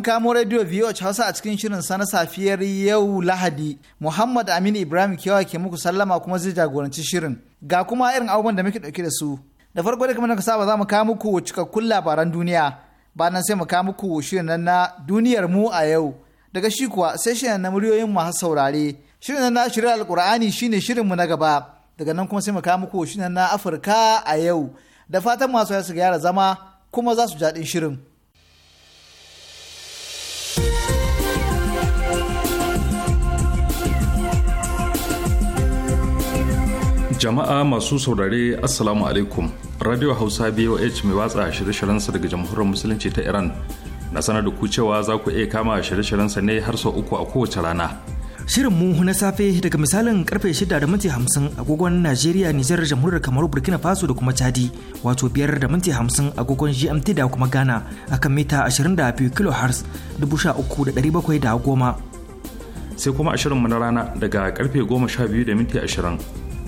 mun kamo Radio VOH Hausa a cikin shirin sana safiyar yau Lahadi. Muhammad Aminu Ibrahim kewa ke muku sallama kuma zai jagoranci shirin. Ga kuma irin abubuwan da muke dauke da su. Da farko da kamar saba za mu kawo muku cikakkun labaran duniya. Bayan sai mu kawo muku shirin nan na duniyar mu a yau. Daga shi kuwa sai shirin na muryoyin masu saurare. Shirin nan na shirin alkur'ani shine shirin mu na gaba. Daga nan kuma sai mu kawo muku shirin na Afirka a yau. Da fatan masu su gyara zama kuma za su jaɗin shirin. jama'a masu saurare assalamu alaikum radio hausa boh mai watsa shirye shiryen sa daga jamhuriyar musulunci ta iran na sanar da ku cewa za ku iya kama shirye shiryen sa ne har sau uku a kowace rana shirin mu na safe daga misalin karfe shida da minti 50 agogon najeriya nijar jamhuriyar kamaru burkina faso da kuma chadi wato biyar da minti 50 agogon gmt da kuma ghana akan mita 22 kilohertz 13710 sai kuma ashirinmu na rana daga karfe goma sha 12 da minti ashirin.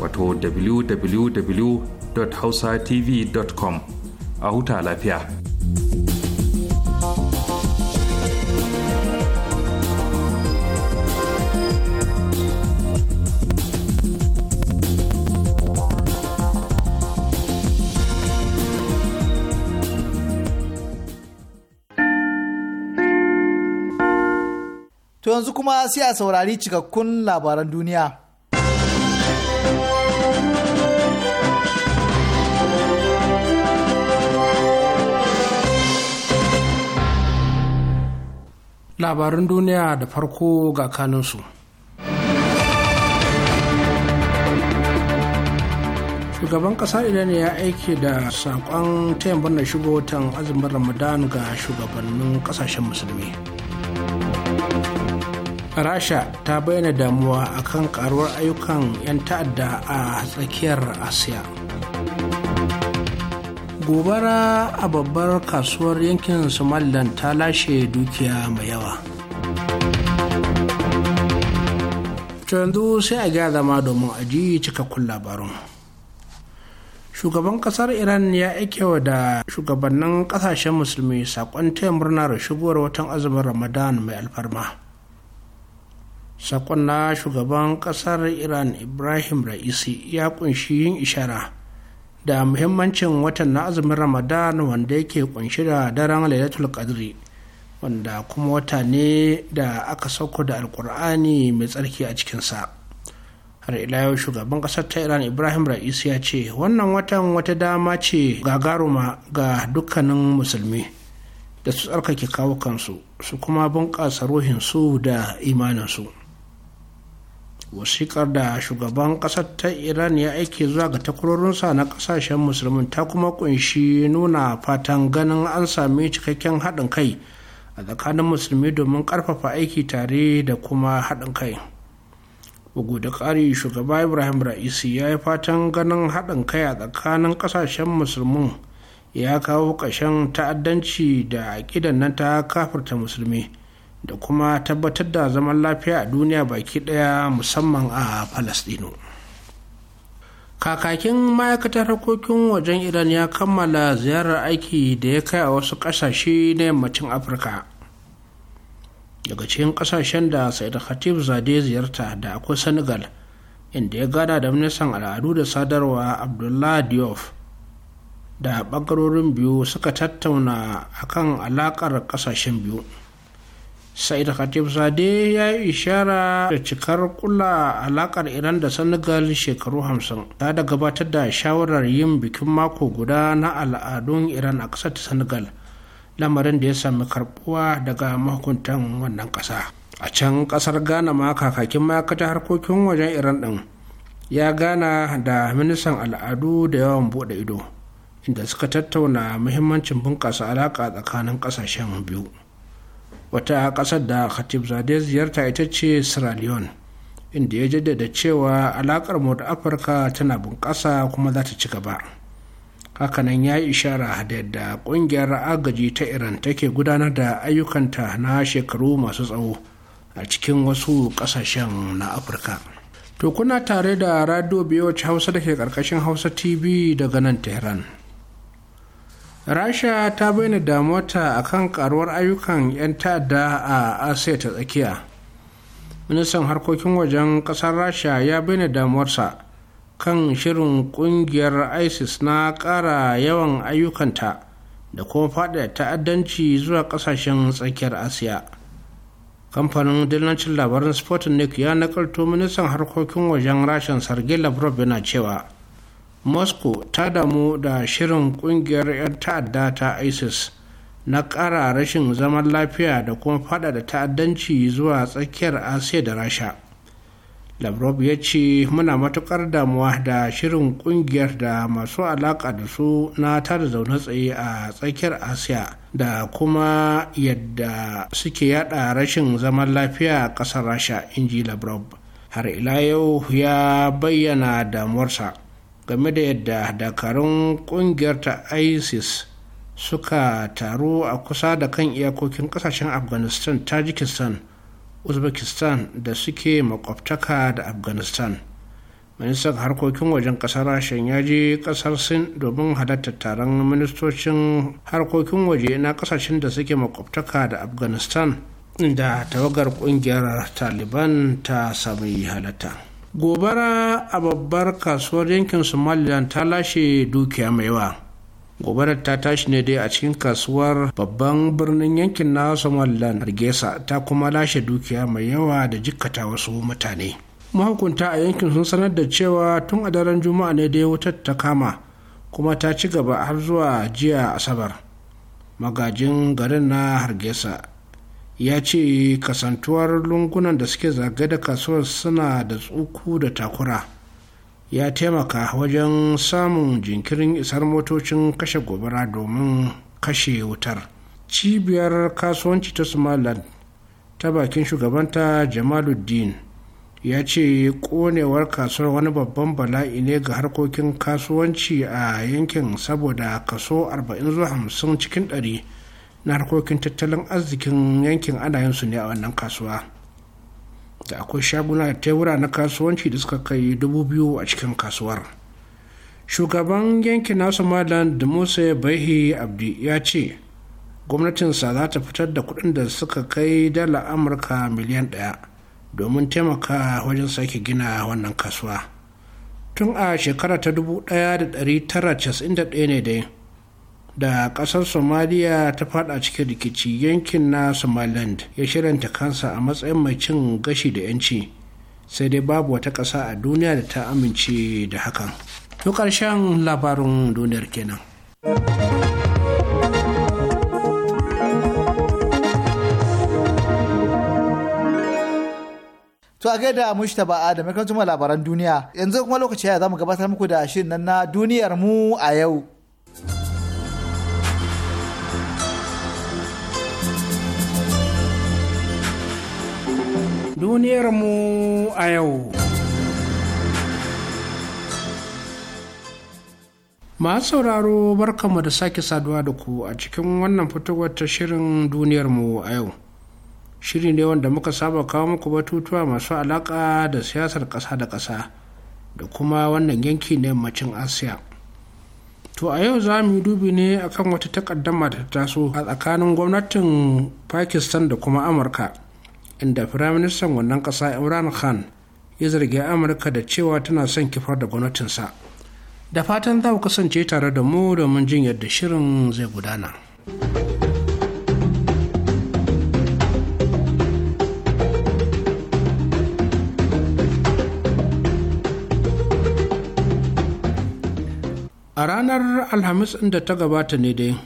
wato www.hausatv.com a huta lafiya. To yanzu kuma sai a saurari cikakkun labaran duniya. labarin duniya da farko ga kanunsu. shugaban ƙasa idan ya aiki da saƙon tayin murnar shigo watan azumin ramadan ga shugabannin kasashen musulmi rasha ta bayyana damuwa akan karuwar ayyukan 'yan ta'adda a tsakiyar asiya gobara a babbar kasuwar yankin somaliland ta lashe dukiya mai yawa yanzu sai a ga zama domin aji cikakkun labarun shugaban kasar iran ya wa da shugabannin kasashen musulmi saƙon taya murnar shigowar watan azumin ramadan mai alfarma sakon na shugaban kasar iran ibrahim ra'isi ya kunshi yin ishara da muhimmancin watan na azumin ramadan wanda yake kunshi da daren lailatul qadri wanda kuma wata ne da aka sauko da alkur'ani mai tsarki a cikinsa har ila yau shugaban kasar ta iran ibrahim Raisu ya ce wannan watan wata dama ce gagaruma ga dukkanin musulmi da su tsarkake kawo kansu su kuma bunƙasa ruhinsu da imaninsu wasiƙar da shugaban ƙasar ta iran ya aike zuwa ga takwarorinsa na ƙasashen musulmin ta kuma kunshi nuna fatan ganin an sami cikakken haɗin kai a tsakanin musulmi domin ƙarfafa aiki tare da kuma haɗin kai bugu da ƙari shugaba ibrahim ra'isi ya yi fatan ganin haɗin kai a tsakanin ƙasashen musulmin ya kawo ƙashen ta'addanci da aƙidan nan ta kafirta musulmi da kuma tabbatar da zaman lafiya a duniya baki daya musamman a Falasɗinu. kakakin ma'aikatar harkokin wajen iran ya kammala ziyarar aiki da ya kai a wasu ƙasashe na yammacin afirka daga cikin ƙasashen da said khatib zade ziyarta da akwai senegal inda ya gada da ministan al'adu da sadarwa abdullah diouf da ɓangarorin biyu suka tattauna akan alaƙar ƙasashen biyu sa'id khatib zade ya yi ishara da cikar kula alakar iran da senegal shekaru hamsin ta da gabatar da shawarar yin bikin mako guda na al'adun iran a ƙasar senegal lamarin da ya sami karbuwa daga mahukuntan wannan ƙasa a can ƙasar ghana ma kakakin ma'aikata harkokin wajen iran ɗin ya gana da ministan al'adu da yawan buɗe ido inda suka tattauna muhimmancin bunƙasa alaƙa tsakanin ƙasashen biyu wata ƙasar da khatib zade ziyarta ita ce sierra leone inda ya jaddada cewa alakar mu da afirka tana bunƙasa kuma za ta ci gaba hakanan ya yi ishara da yadda ƙungiyar agaji ta iran take gudanar da ayyukanta na shekaru masu tsawo a cikin wasu ƙasashen na afirka to kuna tare da radio biyu hausa da ke ƙarƙashin hausa tv daga nan tehran rasha ta bayyana damuwarta kan karuwar ayyukan 'yan ta'adda a asiya ta tsakiya ministan harkokin wajen kasar rasha ya bayyana damuwarsa kan shirin kungiyar isis na ƙara yawan ayyukanta da kuma faɗa ta'addanci zuwa ƙasashen tsakiyar asiya kamfanin dillancin labarin sputnik ya nakalto ministan harkokin wajen rashin sergei lavrov yana cewa moscow ta damu da shirin kungiyar 'yan ta'adda ta isis na ƙara rashin zaman lafiya da kuma faɗaɗa ta'addanci zuwa tsakiyar asiya da rasha lavrov ya ce muna matuƙar damuwa da shirin ƙungiyar da masu alaƙa da su na tada zaune tsaye a tsakiyar asiya da kuma yadda suke yada rashin zaman lafiya a ƙasar rasha inji lavrov har ila yau ya bayyana damuwarsa game da yadda dakarun kungiyar ta isis suka taru a kusa da kan iyakokin kasashen afghanistan tajikistan uzbekistan da suke makwabtaka da afghanistan ministan harkokin wajen kasar rashin ya je kasar sin domin halatta taron ministocin harkokin waje na kasashen da suke makwabtaka da afghanistan da tawagar kungiyar taliban ta sami halatta gobara a babbar kasuwar yankin somaliland ta lashe dukiya mai yawa gobarar ta tashi ne dai a cikin kasuwar babban birnin yankin na somaliland hargesa ta kuma lashe dukiya mai yawa da jikkata wasu mutane mahukunta a yankin sun sanar da cewa tun a daren juma'a ne dai wuta ta kama kuma ta ci gaba har zuwa jiya asabar magajin garin na hargesa ya ce kasantuwar lungunan da suke zage da kasuwar suna da tsuku da takura ya taimaka wajen samun jinkirin isar motocin kashe gobara domin kashe wutar cibiyar kasuwanci ta somaliland ta bakin shugabanta jamaluddin ya ce konewar kasuwar wani babban bala'i ne ga harkokin kasuwanci a yankin saboda kaso 40 zuwa 50 cikin ɗari. na harkokin tattalin arzikin yankin ana yin su ne a wannan kasuwa da akwai shaguna da tebura na kasuwanci da suka kai dubu biyu a cikin kasuwar shugaban yankin nasu malam da musa baihi abdi ya ce gwamnatinsa za ta fitar da kuɗin da suka kai dala amurka miliyan ɗaya domin taimaka wajen sake gina wannan kasuwa tun a shekara ta 1991 ne dai da kasar somaliya ta fada cikin rikici yankin na somaliland ya shiranta kansa a matsayin mai cin gashi da 'yanci sai dai babu wata kasa a duniya da ta amince da hakan to karshen labarin duniyar kenan. To a gaida ba da mai kuma labaran duniya. Yanzu kuma lokaci ya mu gabatar muku da shirin nan na duniyar mu a yau. duniyarmu a yau. Masu sauraro barkanmu da sake saduwa da ku a cikin wannan fitowar ta shirin duniyarmu a yau. Shiri ne wanda muka saba kawo muku batutuwa masu alaƙa da siyasar ƙasa da ƙasa da kuma wannan yanki na yammacin Asiya. To a yau za mu yi dubi ne akan wata takaddama da ta taso a tsakanin gwamnatin Pakistan da kuma Amurka. inda firaministan wannan ƙasa imran khan ya zargi amurka da cewa tana son kifar da gwamnatinsa da fatan za ku kasance tare da mu domin jin yadda shirin zai gudana a ranar alhamis inda ta gabata ne dai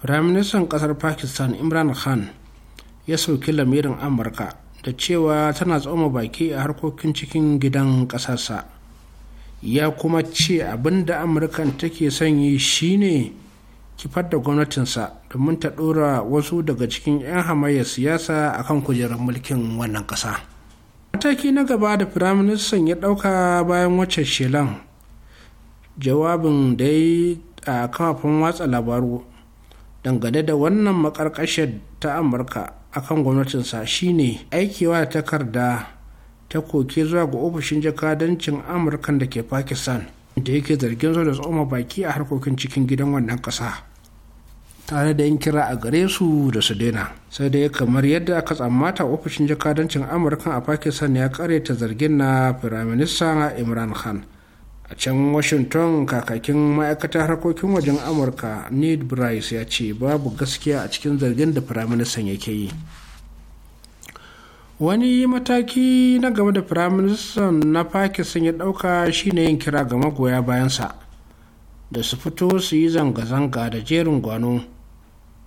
firaministan ƙasar pakistan imran khan ya sauki lamirin amurka da cewa tana tsoma baki a harkokin cikin gidan ƙasarsa ya kuma ce abin da amurkan take sanyi yi shine kifar da gwamnatinsa domin ta ɗora wasu daga cikin 'yan hamayyar siyasa a kan kujerar mulkin wannan ƙasa mataki na gaba da firaministan ya ɗauka bayan wacce shelan jawabin da ya a kafafen watsa labaru dangane da wannan makarkashar ta amurka akan gwamnatinsa shine aikewa da takarda ta koke zuwa ga ofishin jakadancin amurkan da ke pakistan da yake zargin zuwa da tsoma baki a harkokin cikin gidan wannan ƙasa tare da yin kira a gare su da su daina sai dai kamar yadda aka tsammata ofishin jakadancin amurkan a pakistan ya karyata zargin na firaminista imran khan a can washington kakakin ma'aikatar harkokin wajen amurka ned bryce ya ce babu gaskiya a cikin zargin da firaministan yake yi wani mataki na game da firaministan na pakistan ya dauka shine yin kira ga magoya bayansa da su fito su yi zanga-zanga da jerin gwano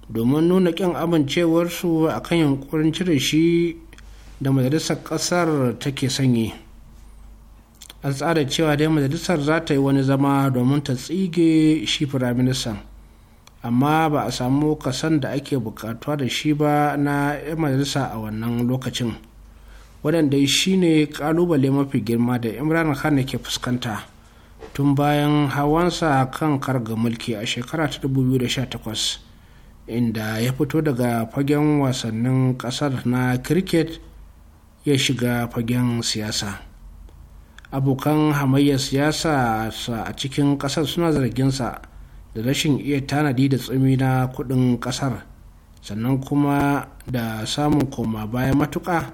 domin nuna kyan amincewarsu a kan yankurin cire shi da majalisar kasar take sanyi an tsara cewa dai majalisar za ta yi wani zama domin ta tsige shi firaministan amma ba a samu kasan da ake bukatuwa da shi ba na 'yan majalisa a wannan lokacin waɗanda shi ne ƙalubale mafi girma da imran khan ke fuskanta tun bayan hawansa kan karga mulki a shekara ta 2018 inda ya fito daga fagen wasannin ƙasar na cricket ya shiga fagen siyasa abokan hamayyar siyasa a cikin kasar suna zarginsa da rashin iya tanadi da tsumi na kudin kasar sannan kuma da samun koma bayan matuƙa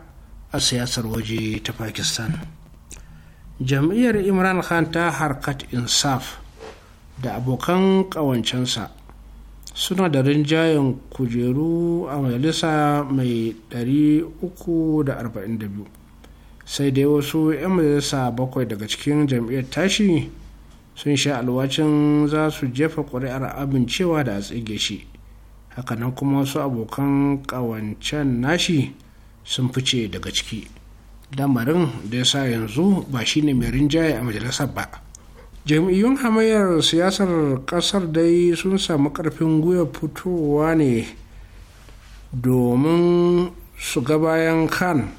a siyasar waje ta pakistan jam'iyyar imran khan ta harkat insaf da abokan ƙawancensa suna da rinjayen kujeru a majalisa mai 342 sai dai wasu 'yan majalisa bakwai daga cikin jam'iyyar tashi sun sha alwacin za su jefa ƙuri'ar amincewa da a tsige shi hakanan kuma wasu abokan ƙawancen nashi sun fice daga ciki lamarin da ya sa yanzu ba shine mai rinjaye a majalisar ba jam'iyyun hamayyar siyasar ƙasar dai sun samu ƙarfin gwiwa fitowa ne domin su ga bayan kan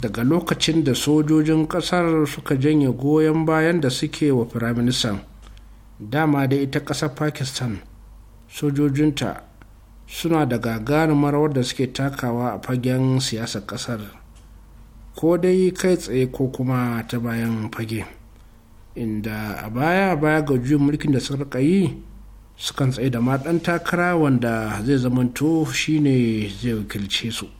daga lokacin da sojojin kasar suka janye goyon bayan da suke wa firaministan dama da ita ƙasar pakistan sojojinta suna da gagarumar da suke takawa a fagen siyasar ƙasar ko dai kai tsaye ko kuma ta bayan fage inda a baya baya ga juyin mulkin da suka yi sukan tsaye da ma takara wanda zai zamanto shine zai wakilce su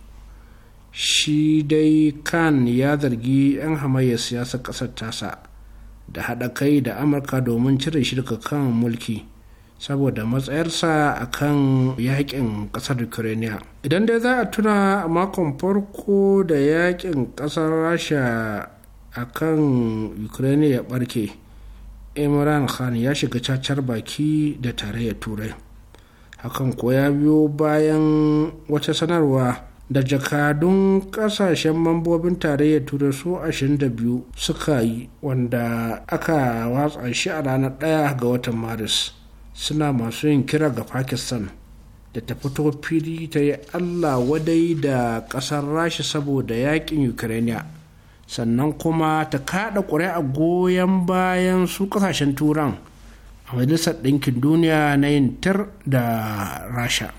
shi dai khan ya zargi 'yan hamayyar siyasar ƙasar tasa da haɗa kai da amurka domin cire shirka kan mulki saboda matsayarsa a kan yakin ƙasar ukraine idan dai za a tuna makon farko da yaƙin ƙasar rasha a kan ukraine ya ɓarke imran khan ya shiga cacar baki da tarayyar turai hakan ko ya biyo bayan wata sanarwa da jakadun kasashen mambobin tarayyar turai su 22 suka yi wanda aka watsa shi a ranar 1 ga watan maris suna masu yin kira ga pakistan da ta fito fili ta yi allah wadai da kasar rasha saboda yakin ukraine sannan kuma ta kada ƙuri'a goyon bayan su kasashen turan a majalisar ɗinkin duniya na yin tir da rasha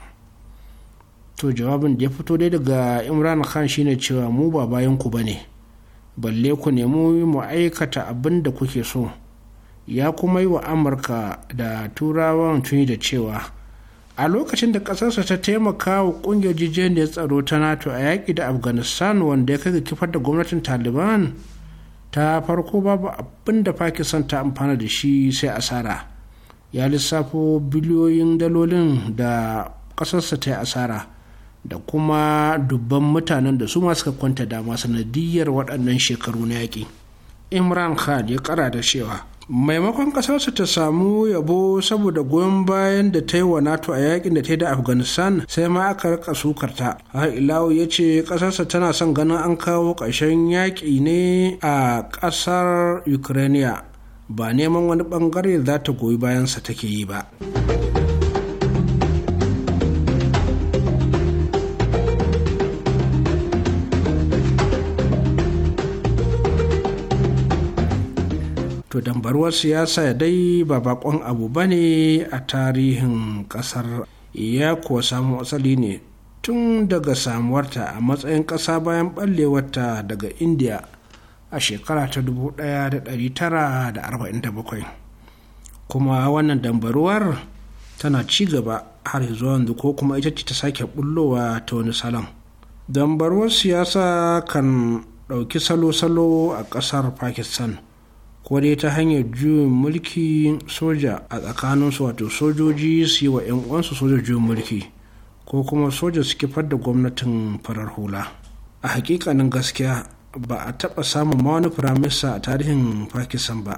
to jawabin da ya fito dai daga imran khan shine cewa mu ba bayan ku bane balle ku nemi mu aikata abin da kuke so ya kuma yi wa amurka da turawan tuni da cewa a lokacin da ƙasarsa ta taimaka wa ƙungiyar jijiyar tsaro ta nato a yaƙi da afghanistan wanda ya kai ga kifar da gwamnatin taliban ta farko babu abin da pakistan ta amfana da shi sai asara ya lissafo biliyoyin dalolin da ƙasarsa ta yi asara da kuma dubban mutanen da su ma suka kwanta dama sanadiyar waɗannan shekaru na yaƙi imran khan ya ƙara da cewa maimakon ƙasarsu ta samu yabo saboda goyon bayan da ta yi wa nato a yakin da ta yi da afghanistan sai ma aka rika sukarta har ilawu ya ce ƙasarsa tana son ganin an kawo ƙarshen yaƙi ne a ƙasar ukraine ba neman wani ɓangare za ta goyi bayansa take yi ba. to dambaruwar siyasa dai ba bakon abu ba ne a tarihin kasar ya kuwa samu asali ne tun daga samuwarta a matsayin ƙasa bayan ɓallewarta daga india a shekara ta 1947 kuma wannan dambaruwar tana ci gaba har zuwa yanzu ko kuma ita ce ta sake bullowa ta wani salon dambaruwar siyasa kan ɗauki salo-salo a ƙasar pakistan ko dai ta hanyar juyin mulki soja a tsakaninsu wato sojoji su yi wa 'yan uwansu soja juyin mulki ko kuma soja su kifar da gwamnatin farar hula a hakikanin gaskiya ba a taɓa samun ma wani firamista a tarihin pakistan ba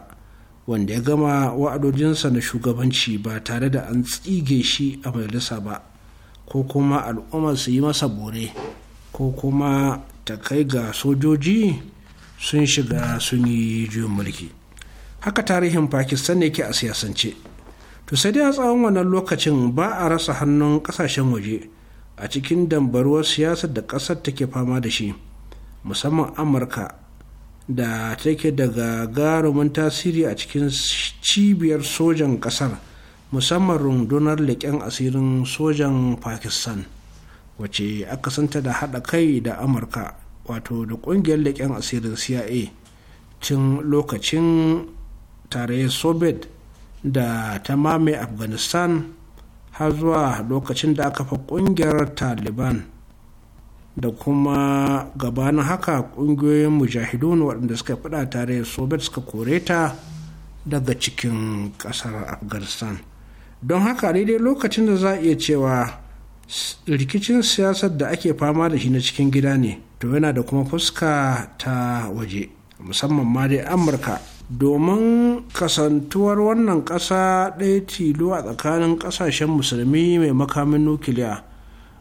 wanda ya gama wa'adojinsa na shugabanci ba tare da an tsige shi a majalisa ba ko kuma al'ummar su yi masa bore ko kuma ta kai ga sojoji sun shiga sun yi juyin mulki haka tarihin pakistan ne ke a siyasance to sai dai a tsawon wannan lokacin ba a rasa hannun kasashen waje a cikin dambaruwar siyasar da kasar take fama da shi musamman amurka da take daga garumin tasiri a cikin cibiyar sojan kasar musamman rundunar leƙen asirin sojan pakistan wace aka santa da haɗa kai da amurka wato da ƙungiyar leƙen asirin cia cin lokacin tarayyar soviet da ta mame afghanistan har zuwa lokacin da aka fa ƙungiyar taliban da kuma gabanin haka ƙungiyoyin mujahidun waɗanda suka fada tarayyar soviet suka kore ta daga cikin ƙasar afghanistan don haka daidai lokacin da za a iya cewa rikicin siyasar da ake fama da shi na cikin gida ne to yana da kuma fuska ta waje musamman ma dai amurka domin kasantuwar wannan kasa ɗaya tilo a tsakanin ƙasashen musulmi mai makamin nukiliya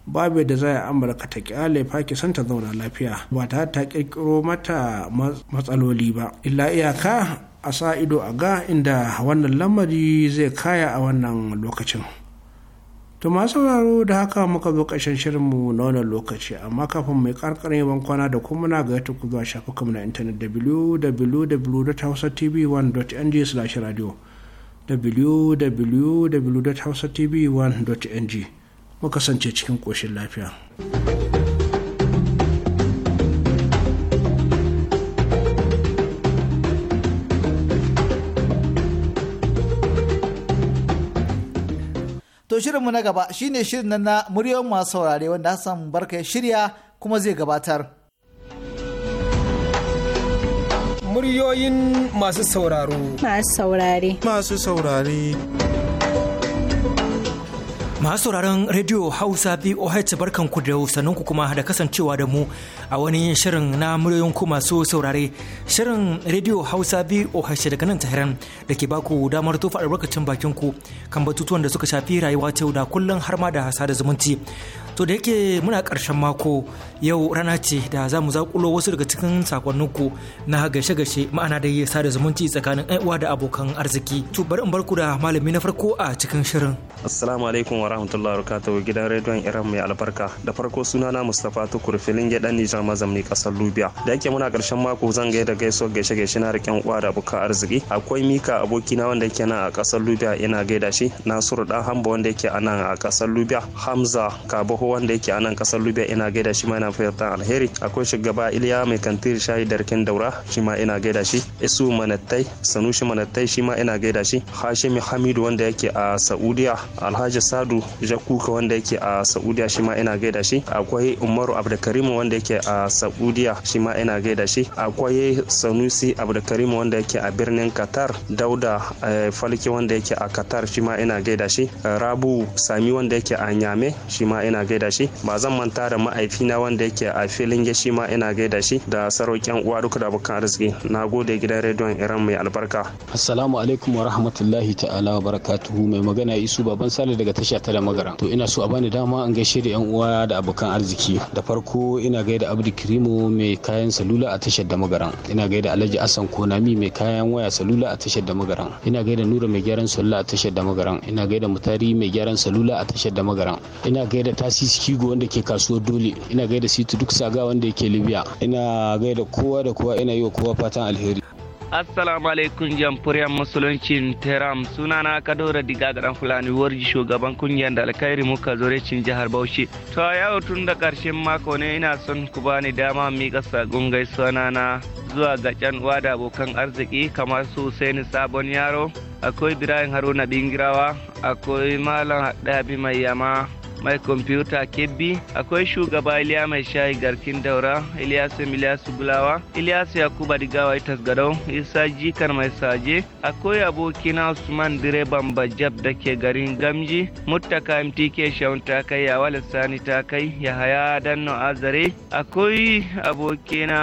babu da za a amurka ta kyale pakistan ta zauna lafiya ba ta ta kirkiro mata matsaloli ba illa iyaka a sa ido a ga inda wannan lamari zai kaya a wannan lokacin To masu sauraro da haka muka zo ƙarshen shirinmu na wannan lokaci amma kafin mai karkarin yawan kwana da kuma na ga ku zuwa shafukan na intanet www.hausatv1.ng slash radio www.hausatv1.ng muka kasance cikin koshin lafiya. shirinmu na gaba shine shirin nan na muryoyin masu saurare wanda Hassan Barka ya shirya kuma zai gabatar. Muryoyin masu sauraro. Masu saurare. Masu saurare. Masu sauraron Radio Hausa BOH ku da ku kuma da kasancewa da mu a wani shirin na muryoyin ku masu saurare. Shirin Radio Hausa BOH daga nan Tahiran da ke baku damar tufa albarkacin bakin ku kan batutuwan da suka shafi rayuwa ta da kullum har ma da hasa da zumunci. To da yake muna karshen mako yau rana ce da za mu zaƙulo wasu daga cikin sakonninku na gaishe-gaishe ma'ana da yi sada zumunci tsakanin uwa da abokan arziki. To bari in bar ku da malami na farko a cikin shirin. Assalamu alaikum wa rahmatullahi wa barakatuhu gidan rediyon Iran mai albarka. Da farko sunana mustafa Tukur filin ya dan Nijar mazamni kasar Lubiya. Da yake muna karshen mako zan gaida da gaisuwa gaishe gashe na rikin uwa da abokan arziki. Akwai Mika abokina wanda yake nan a kasar Lubiya ina gaida shi. Nasiru Dan Hamba wanda yake a nan a kasar Lubiya. Hamza Kabaho wanda yake a nan kasar libya ina gaida shi ma ina fatan alheri akwai shugaba iliya mai kantiri shayi darkin daura shi ma ina gaida shi isu manattai sanushi manattai shi ma ina gaida shi hashimi hamidu wanda yake a saudiya alhaji sadu jakuka wanda yake a saudiya shi ma ina gaida shi akwai umaru abdulkarim wanda yake a saudiya shi ma ina gaida shi akwai sanusi abdulkarim wanda yake a birnin qatar dauda eh, falki wanda yake a qatar shi ma ina gaida shi rabu sami wanda yake a nyame shi ma ina gaida shi ba zan manta da ma'aifina wanda yake a filin gashi ma ina gaida shi da sarokin uwa duka da bukan arziki na gode gidan rediyon iran mai albarka assalamu alaikum wa rahmatullahi ta'ala wa barakatuhu mai magana isu baban sale daga tasha ta da magara to ina so a bani dama an gaishe da yan uwa da abokan arziki da farko ina gaida abdu kirimo mai kayan salula a tashar da magaran ina gaida alhaji asan konami mai kayan waya salula a tashar da magaran ina gaida nura mai gyaran salula a tashar da magaran ina gaida mutari mai gyaran salula a tashar da magaran ina gaida tasi kigo wanda ke kasuwar dole ina gaida situ duk saga wanda yake libya ina gaida kowa da kowa ina yi wa kowa fatan alheri assalamu alaikum jamhuriyar musuluncin teram sunana kadora diga dan fulani warji shugaban kungiyar da alkhairi muka zore cin jihar bauchi to yau tun da karshen mako ne ina son ku bani dama miƙa saƙon gaisuwa na zuwa ga can uwa da abokan arziki kamar su Saini sabon yaro akwai ibrahim haruna bingirawa akwai malam dabi mai yama mai kwamfuta kebbi akwai shugaba iliya mai shayi garkin daura iliyasu miliyasu bulawa iliyasu yakuba digawa itas gadau isa jikar mai saje akwai abokina usman direban bajab da ke garin gamji muttaka mtk shaun ta kai yawa lissani ta kai yahaya danno azare akwai abokina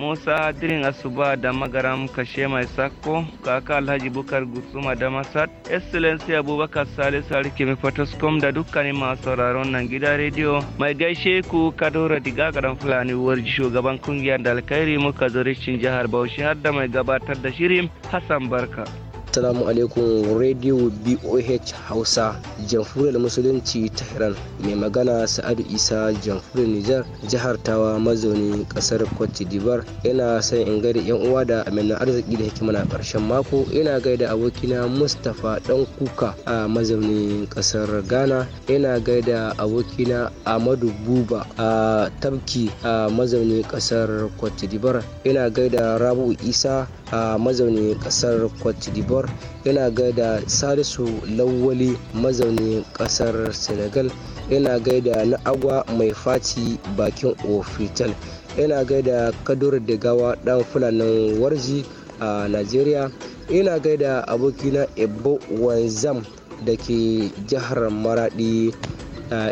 musa dirin asuba da magaram kashe mai sako kaka alhaji bukar Gusuma da masar excellency abubakar salisu harkimi fataskom da dukkanin masu sauraron nan gida rediyo mai gaishe ku kadora diga karan fulani warji shugaban kungiyar da alkhairi muka zuricin jihar bauchi har da mai gabatar da shirin hassan barka Assalamu alaikum Radio BOH Hausa Jamhuriyar Musulunci Tehran mai magana Sa'adu Isa Jamhuriyar Nijar jihar Tawa mazauni kasar Cote d'Ivoire yana son in gaida yan uwa da amina arziki da hikima na karshen mako ina gaida abokina Mustapha dan kuka a mazaunin kasar Ghana ina gaida abokina Amadu Buba a Tabki a mazaunin kasar Cote d'Ivoire yana gaida Rabu Isa a mazaunin kasar cote d'ivoire yana gaida salisu lawali mazaunin kasar senegal yana gaida na agwa mai faci bakin ofital yana gaida kadur da gawa dan fulanin warji a nigeria yana gaida abokina ebo wanzam da ke jihar maradi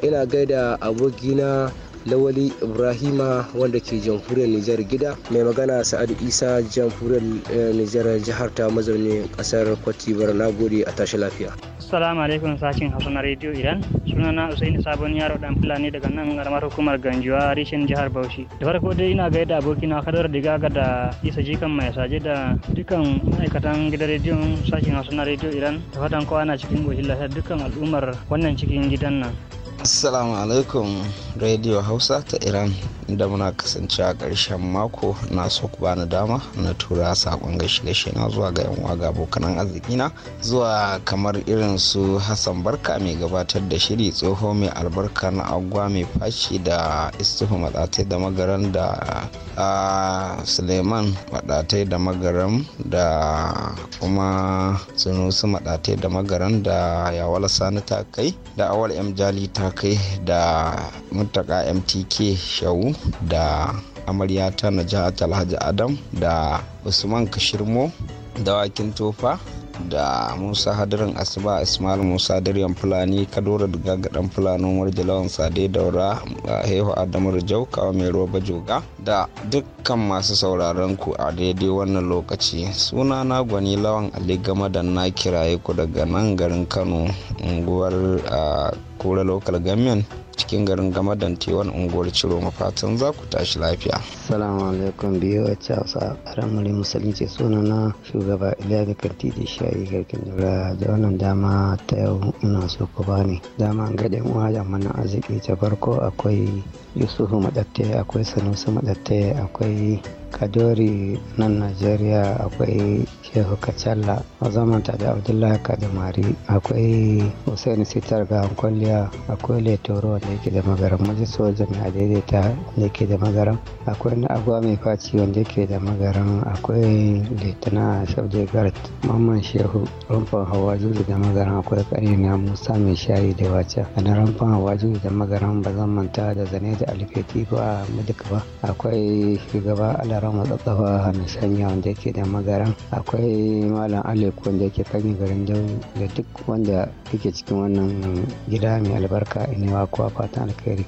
ina gaida abokina lawali ibrahima wanda ke jamhuriyar nijar gida mai magana sa'adu isa jamhuriyar eh, nijar jihar ta mazauni kasar kwatibar nagode a tashi lafiya assalamu alaikum sashin hausa na rediyo iran sunana usaini sabon yaro dan fulani daga nan karamar hukumar ganjuwa rishin jihar bauchi da farko dai ina gaida abokina kadar digaga da isa jikan mai saje da dukkan ma'aikatan gidan rediyon sashin hausa na rediyo iran da fatan kowa na cikin goshin lafiya dukkan al'ummar wannan cikin gidan nan assalamu alaikum radio hausa ta iran inda muna kasance a ƙarshen mako na so ku bani dama na tura saƙon gaishe-gaishe na zuwa ga yan waga abokanan arzikina zuwa kamar irin su hassan barka mai gabatar da shiri tsoho mai albarka na agwa mai fashi da istufa matsatai da magaran da suleiman matsatai da magaran da kuma sunusu matsatai da magaran da yawala sani ta kai da awal m jali ta kai da mutaka mtk shawu da amarya ta Najat Alhaji Adam da Usman Kashirmo dawakin Wakin Tofa da Musa Hadirin Asuba Ismail Musa Daryan Fulani Kadora da gagadan Fulani Umar Jalawan Sade Daura haihu Adamu Rajau Kawo Mai Roba Joga da dukkan masu sauraron ku a daidai wannan lokaci suna na gwani lawan Ali game da na kiraye ku daga nan garin Kano unguwar ah, Kura Local Government cikin garin gamadan tewan unguwar ciroma fatan za ku tashi lafiya salamu alaikum biyu a hausa ramari musulunci suna na shugaba iliya da karti da shayi garkin dora da wannan dama ta yau ina so ku ba ne dama gaɗe mu da mana arziki ta farko akwai yusufu maɗatte akwai sanusi maɗatte akwai kadori nan najeriya akwai Shehu Kacalla zamanta da Abdullahi Kadamari akwai Hussein Sitar ga kwalliya akwai Letoro wanda yake da magaram majalisar wajen mai daidaita da yake da magaram akwai na agwa mai faci wanda yake da magaram akwai Litina Shabda Gart Mamman Shehu rumfan hawa juji da magaram akwai Karina Musa mai shayi da wace a na rumfan hawa juji da magaram ba zan manta da zane da alifeti ba muduka ba akwai shugaba Alaran Matsatsawa mai shanya wanda yake da magaram akwai kai malam alek wanda yake kan garin jau da duk wanda yake cikin wannan gida mai albarka ina kuwa fatan alkhairi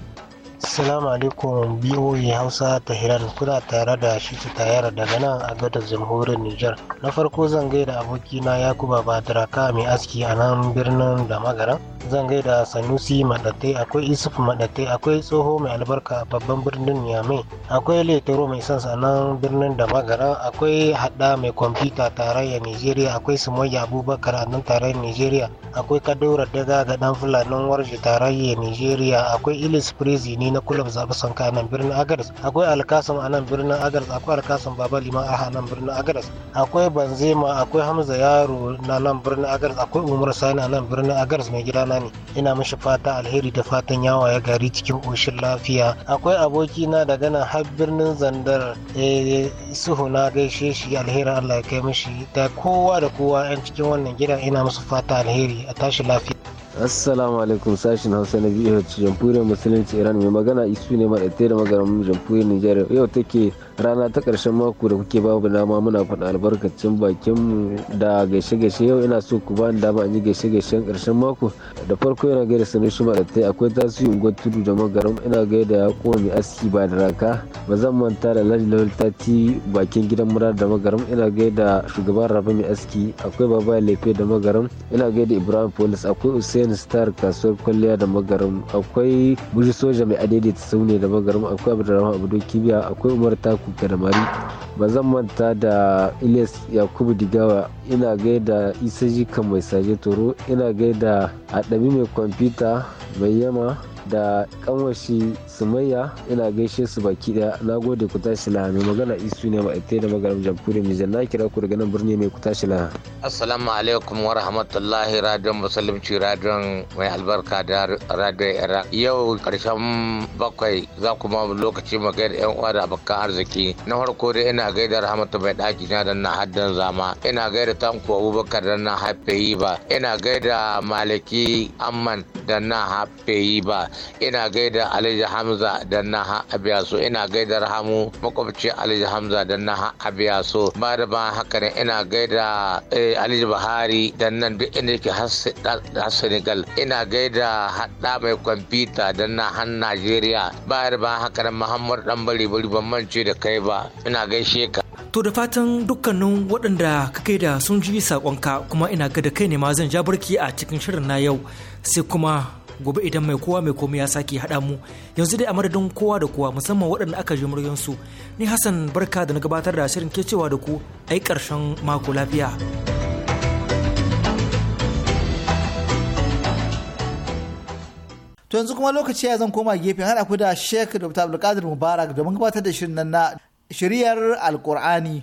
Assalamu alaikum BOE Hausa ta Hiran kuna tare da shi ta tayar daga nan a gadar jamhuriyar Nijar. Na farko zan gaida abokina Yakuba Badaraka mai aski a nan birnin da magara. Zan gaida Sanusi Madatai akwai Isuf Madatai akwai Tsoho mai albarka a babban birnin Niamey. Akwai Letoro mai sans a nan birnin da magara. Akwai Hada mai kwamfuta tarayya Nijeriya. Akwai Sumayya Abubakar a nan tarayyar Nijeriya. Akwai Kadora Daga ga ɗan Fulanin Warji tarayya Nijeriya. Akwai Ilis Prezi ne ni na kullum zaɓi sanka a nan birnin Agares. akwai alƙasam a nan birnin Agares. akwai alƙasam baba liman aha a nan birnin Agares. akwai banzema akwai hamza yaro na nan birnin Agares. akwai umar sani a nan birnin Agares. mai gidana ne ina mishi fata alheri da fatan yawa ya gari cikin ƙoshin lafiya akwai aboki na daga nan har birnin zandar eh, suhu na gaishe shi alherin allah ya kai mishi da kowa da kowa 'yan cikin wannan gidan ina musu fata alheri a tashi lafiya assalamu alaikum sashin hausa na biyu jamhuriyar musulunci iran mai magana isu ne ma da magaran jamhuriyar nijar yau take rana ta karshen mako da kuke ba mu dama muna faɗa albarkacin bakinmu da gaishe-gaishe yau ina so ku bani dama an yi gaishe-gaishen ƙarshen mako da farko yana gaida sanin shi ta akwai tasu yin tudu da magaram ina gaida ya mai aski ba da raka ba zan manta da lalilawar tati bakin gidan murar da magaram ina gaida shugaban rabe mai aski akwai baba lefe da magaram ina gaida ibrahim polis akwai usain star kasuwar kwalliya da magaram akwai buji soja mai adaidaita saune da magaram akwai abdurrahman abdul kibiya akwai umar taku Yakubu Karmari ba zan manta da Ilyas Yakubu Digawa ina gaida Isa Jikan mai saje toro ina gaida adami mai kwamfuta mai yama da kanwashi sumayya ina gaishe su baki daya na gode ku tashi laha mai magana isu ne ita da magana jamhuriyar nijar na kira ku daga nan birni ne ku tashi la. assalamu alaikum wa rahmatullahi radiyon musulunci radiyon mai albarka da radiyon era yau karshen bakwai za ku ma lokaci mu gaida yan uwa da abokan arziki na farko dai ina gaida rahmatu mai daki na da na haddan zama ina gaida tanku abubakar da na haife yi ba ina gaida maliki amman da na haife yi ba ina gaida alhaji hamza dan na abiya so ina gaida rahamu makwabci alhaji hamza dan na abiya so ba da ba haka ne ina gaida eh, alhaji bahari dan nan duk inda yake har senegal ina gaida hada mai kwamfuta dan na har najeriya ba da ba haka ne Muhammadu dan bari bari ban mance da kai ba ina gaishe ka to da fatan dukkanin waɗanda ka kai da sun ji saƙonka kuma ina ga da kai ne ma zan ja barki a cikin shirin na yau sai kuma gobe idan mai kowa mai komai ya sake haɗa mu yanzu dai a madadin kowa da kowa musamman waɗanda aka ji muryansu ni hassan barka da na gabatar da shirin ke cewa da ku a yi ƙarshen mako lafiya to yanzu kuma lokaci ya zan koma gefe hana ku da sheik dr abdulkadir mubarak domin gabatar da shirin nan na shiriyar alkur'ani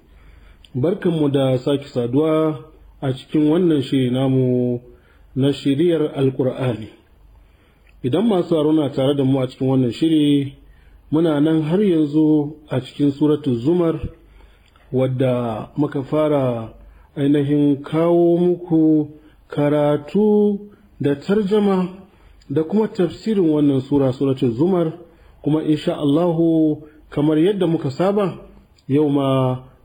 barkanmu da sake saduwa a cikin wannan shiri namu na shiriyar Alƙur'ani. idan masu na tare da mu a cikin wannan shiri muna nan har yanzu a cikin suratu zumar wadda muka fara ainihin kawo muku karatu da tarjama da kuma tafsirin wannan sura suratu zumar kuma insha Allahu kamar yadda muka saba yau ma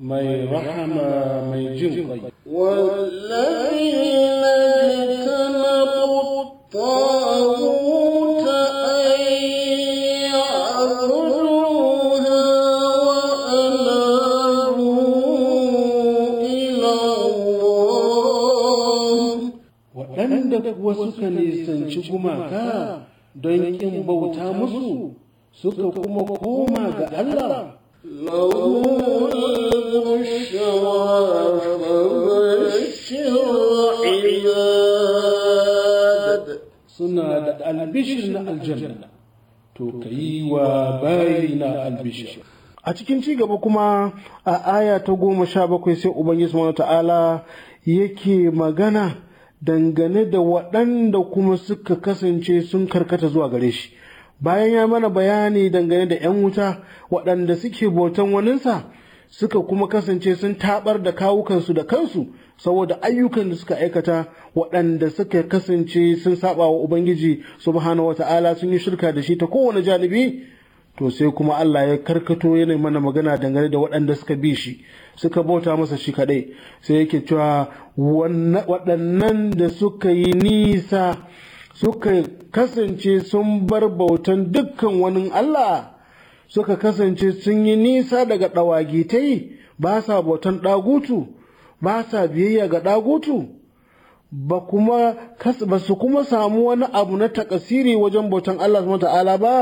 mai rahama mai jin kai والذين اجتنبوا الطاغوت أن يعبدوها وأنابوا إلى الله وأندك وسكني سنشكماك don ƙin bauta musu suka kuma koma ga Allah suna da na aljanna to ka yi wa bayina albishir a cikin ci gaba kuma a aya ta goma sha bakwai sai ubangiji subhanahu ta'ala yake magana dangane da waɗanda kuma suka kasance sun karkata zuwa gare shi bayan ya mana bayani dangane da 'yan wuta waɗanda suke bautan waninsa suka kuma kasance sun tabar da kawukansu da kansu saboda ayyukan da suka aikata waɗanda suka kasance sun saba wa ubangiji subhanahu wata'ala sun yi shirka da shi ta kowane janibi to sai kuma Allah ya karkato yana mana magana dangane da waɗanda suka bi shi suka bauta masa shi kaɗai sai yake cewa waɗannan da suka yi nisa suka kasance sun bar bautan dukkan wani Allah suka kasance sun yi nisa daga ɗawagitai ba sa bautan ɗagutu ba sa biyayya ga ɗagutu ba su kuma samu wani abu na takasiri wajen bautan Allah subhanahu ta'ala ba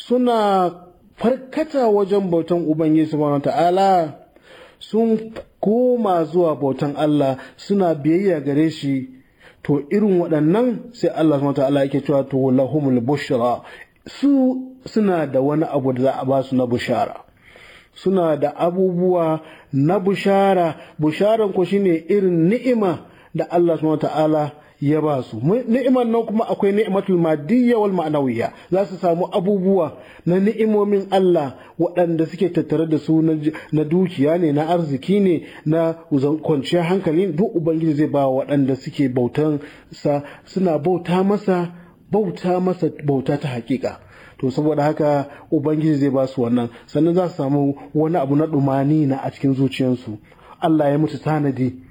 suna farkata wajen bautan Ubangiji subhanahu ta'ala sun koma zuwa bautan Allah suna biyayya gare shi to irin waɗannan sai Allah subhanahu ake yake cewa to lahumul bushra su suna da wani abu da za a ba su na bushara suna da abubuwa na bushara busharan ko shine irin ni'ima da Allah subhanahu ta'ala ya ba su ni'imar nan kuma akwai ni'imatul madiyya wal ma'nawiyya za su samu abubuwa na ni'imomin Allah waɗanda suke tattare da su na dukiya ne na arziki ne na kwanciyar hankali duk ubangiji zai ba waɗanda suke bautan sa suna bauta masa bauta masa bauta ta hakika to saboda haka ubangiji zai ba su wannan sannan za su samu wani abu na dumani na a cikin zuciyarsu Allah ya mutu tanadi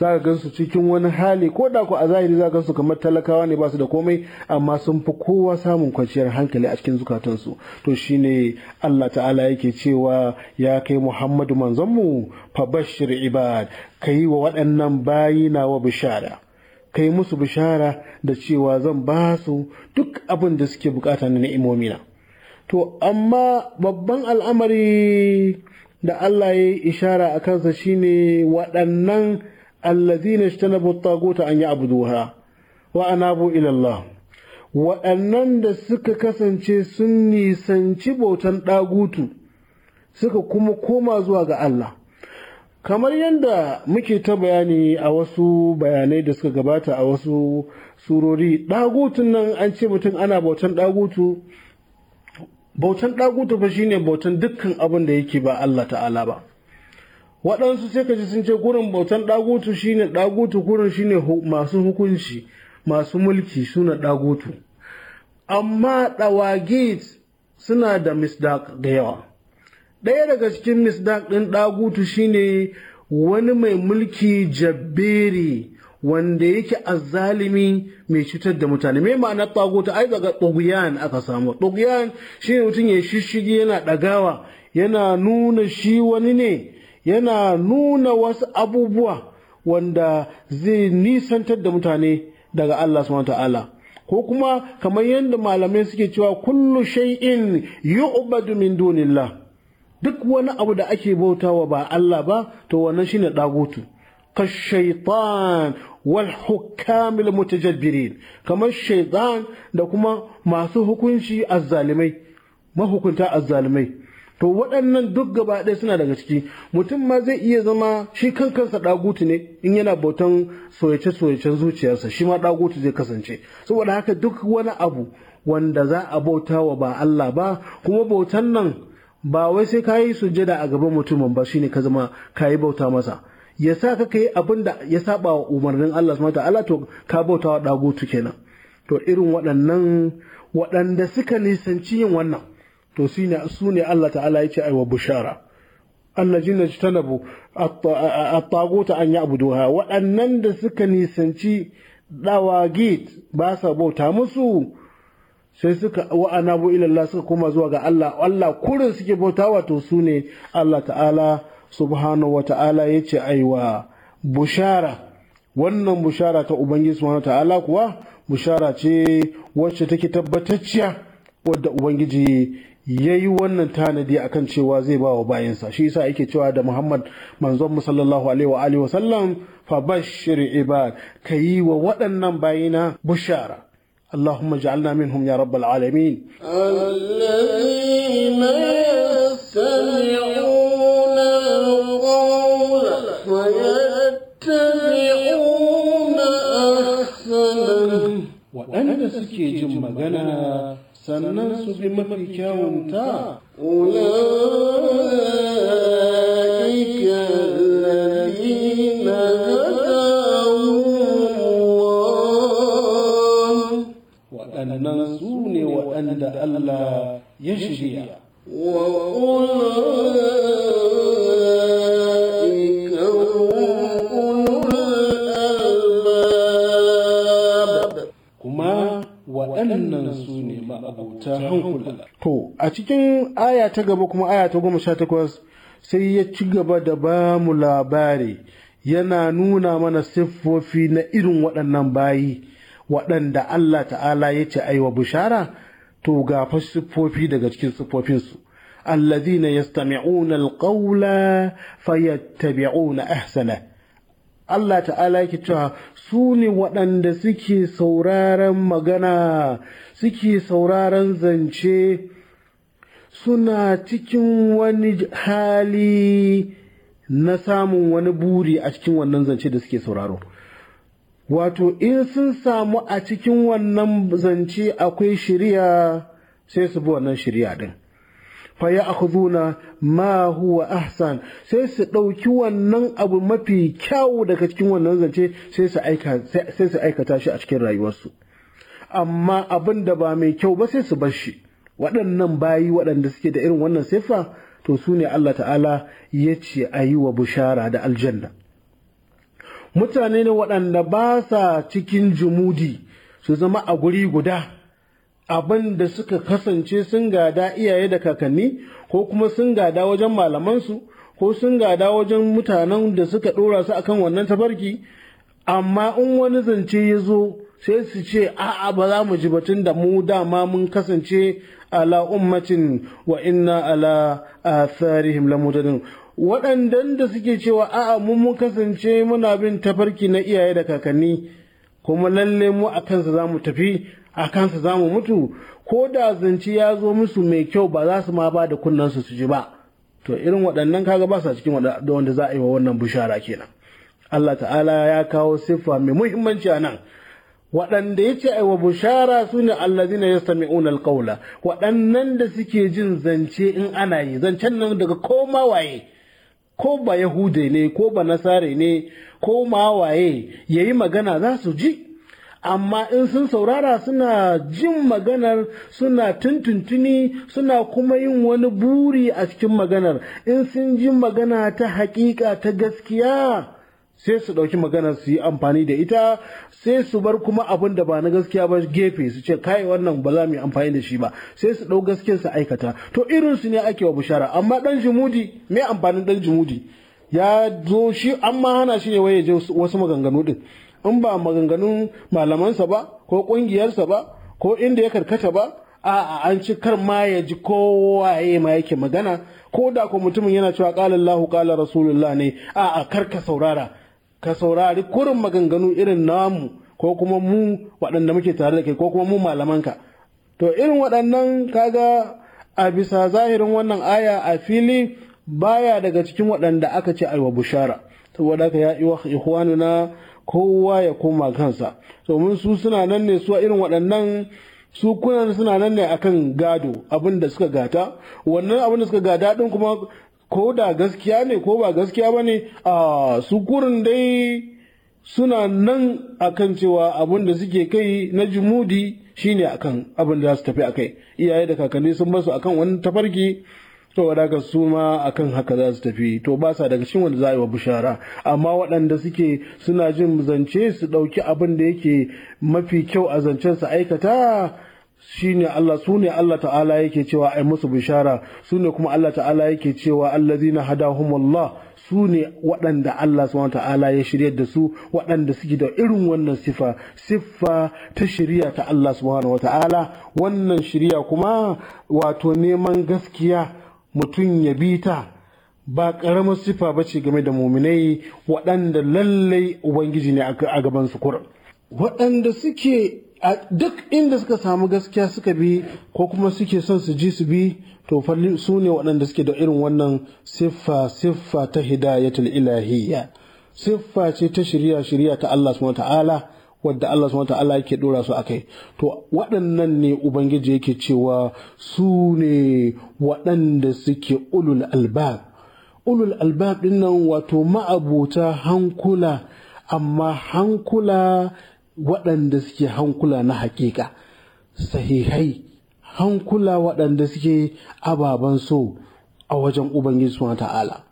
za ka gansu cikin wani hali ko da ku a zahiri za gansu kamar talakawa ne ba su da komai amma sun fi kowa samun kwanciyar hankali a cikin zukatansu to shine Allah ta'ala yake cewa ya kai Muhammadu manzonmu fa bashir ibad kai wa waɗannan bayi wa bishara kai musu bishara da cewa zan ba su duk abin da suke bukata na ni'imomina to amma babban al'amari da Allah ya yi ishara a kansa shine waɗannan allazina at-taguta an ya'buduha wa anabu ila Allah waɗannan da suka kasance sun nisanci bautan ɗagutu suka kuma koma zuwa ga Allah kamar yadda muke ta bayani a wasu bayanai da suka gabata a wasu surori ɗagutun nan an ce mutum ana bautan ɗagutu bautan ɗagutu fa shine bautan dukkan abin da yake ba Allah ta'ala ba waɗansu sai ka ji sun ce gurin bautan ɗagutu shine ɗagutu gurin shine masu hukunci masu mulki suna ɗagutu amma ɗawagit suna da misdaq da yawa ɗaya daga cikin misdaq ɗin ɗagutu shine wani mai mulki jabberi wanda yake azalimi mai cutar da mutane mai ma'ana ɗagutu ai daga tsogiyan aka samu tsogiyan shine mutum ya shishigi yana ɗagawa yana nuna shi wani ne yana nuna wasu abubuwa wanda zai nisantar da mutane daga Allah subhanahu ta'ala ko kuma kamar yadda malamai suke cewa kullu shay'in yu'badu min dunillah duk wani abu da ake bautawa ba Allah ba to wannan shine dagutu kashaitan wal hukamil mutajabbirin kamar shaitan da kuma masu hukunci azzalimai mahukunta azzalimai to waɗannan duk gaba ɗaya suna daga ciki mutum ma zai iya zama shi kan kansa ɗagutu ne in yana bautan soyace-soyacen zuciyarsa shi ma ɗagutu zai kasance saboda haka duk wani abu wanda za a bauta wa ba Allah ba kuma bautan nan ba wai sai ka yi sujada a gaban mutumin ba shine ka zama ka yi bauta masa ya sa ka yi abin da ya saba wa umarnin Allah mata ta'ala to ka bauta wa ɗagutu kenan to irin waɗannan waɗanda suka nisanci yin wannan to su ne Allah ta'ala ya ce aiwa bushara allazina jtanabu a tagota an ya'buduha waɗannan da suka nisanci dawagit ba sa bauta musu sai suka wa'ana bu ilallah suka koma zuwa ga Allah Allah kurin suke bauta wato su ne Allah ta'ala subhanahu wa ta'ala ya ce aiwa bushara wannan bushara ta ubangiji subhanahu ta'ala kuwa bushara ce wacce take tabbatacciya wadda ubangiji yayi wannan tanadi akan cewa zai ba wa bayansa shi yasa yake cewa da muhammad manzon mu sallallahu alaihi wa alihi wasallam fa bashir ibad ka wa waɗannan bayina bushara اللهم اجعلنا منهم يا رب العالمين الذين يستمعون القول ويتبعون أحسنه وأنت سكي جم sannan su bi أولئك الذين هداهم الله وأن وأن وأولئك a cikin aya ta gaba kuma aya ta goma sha takwas sai ya ci gaba da ba mu labari yana nuna mana siffofi na irin waɗannan bayi waɗanda Allah ta'ala ya ce aiwa bishara to ga fa siffofi daga cikin siffofinsu allazina yastami'una alqawla fayattabi'una ahsana Allah ta'ala yake cewa su ne waɗanda suke sauraron magana suke sauraron zance suna cikin wani hali na samun wani buri a cikin wannan zance da suke sauraro wato in sun samu a cikin wannan zance akwai shirya sai su bi wannan shirya din faya akhuduna ma huwa ahsan sai su ɗauki wannan abu mafi kyawu daga cikin wannan zance sai su aikata shi a cikin rayuwarsu amma abin da ba mai kyau ba sai su bar shi waɗannan bayi waɗanda suke da irin wannan siffa to su ne Allah ta'ala ya ce a yi wa bushara da aljanna mutane ne waɗanda ba sa cikin jumudi su zama a guri guda abin da suka kasance sun gada iyaye da kakanni ko kuma sun gada wajen malamansu ko sun gada wajen mutanen da suka ɗora su akan wannan tafarki amma in wani zance ya zo sai su ce a'a ba za mu ji batun da mu dama mun kasance ala ummatin wa inna ala atharihim lamutadun waɗandan da suke cewa a'a mun mun kasance muna bin tafarki na iyaye da kakanni kuma lalle mu a kansa za mu tafi a kansa za mu mutu ko da zance ya zo musu mai kyau ba za su ma ba da kunnansu su ji ba to irin waɗannan kaga ba sa cikin wanda za a yi wa wannan bishara kenan Allah ta'ala ya kawo siffa mai muhimmanci a nan waɗanda ya ce wa bushara su ne allazina ya sami alƙaula waɗannan da suke jin zance in ana yi zancen nan daga ko mawaye ko ba yahude ne ko ba nasare ne ko mawaye ya yi magana za su ji amma in sun saurara suna jin maganar suna tuntuntuni suna kuma yin wani buri a cikin maganar in sun ji magana ta hakika ta gaskiya sai su ɗauki magana su yi amfani da ita sai su bar kuma abin da ba na gaskiya ba gefe su ce kai wannan ba za mu yi amfani da shi ba sai su ɗau gaskiyar su aikata to irin su ne ake wa bishara amma ɗan jimudi me amfanin dan jimudi ya zo shi an ma hana shi ne waye je wasu maganganu din in ba maganganun malamansa ba ko kungiyarsa ba ko inda ya karkata ba a'a an ci kar ma ya ji kowaye ma yake magana ko da ko mutumin yana cewa qala Allahu qala rasulullah ne a'a kar ka saurara ka saurari kurin maganganu irin namu ko kuma mu waɗanda muke tare da kai ko kuma mu malamanka to irin waɗannan kaga a bisa zahirin wannan aya a fili baya daga cikin waɗanda aka ce aiwa bushara saboda haka ya iwa ikhwanuna kowa ya koma kansa domin su suna nan ne su irin waɗannan su kunan suna nan ne akan gado abin da suka gata wannan abin da suka gada din kuma ko da gaskiya ne ko ba gaskiya ba ne a su dai suna nan akan cewa abin da suke kai na jumudi shine akan abin da za su tafi a kai. iyaye da kakanni sun basu akan wani tafarki saboda haka su ma akan haka za su tafi to ba sa daga cikin wanda za a yi wa bushara amma waɗanda suke suna jin zance su ɗauki abin da yake mafi kyau a zancen su aikata shine Allah su ne Allah ta'ala yake cewa ai musu bishara su ne kuma Allah ta'ala yake cewa allazina hadahumullah su ne waɗanda Allah subhanahu ta'ala ya shirya da su waɗanda suke da irin wannan sifa siffa ta shirya ta Allah subhanahu ta'ala wannan shirya kuma wato neman gaskiya mutum ya bi ta ba ƙaramar sifa ba ce game da muminai waɗanda lallai ubangiji ne a gabansu kur waɗanda suke a duk inda suka samu gaskiya suka bi ko kuma suke son su ji su bi to falli su ne waɗanda suke da irin wannan siffa siffa ta hidayatul ilahiyya siffa ce ta shirya shirya ta Allah subhanahu ta'ala wadda Allah subhanahu ta'ala yake dora su akai to waɗannan ne ubangiji yake cewa su ne waɗanda suke ulul albab ulul albab dinnan wato ma'abuta hankula amma hankula waɗanda suke hankula na hakika sahihai hankula waɗanda suke ababen so a wajen ubangiji suna ta'ala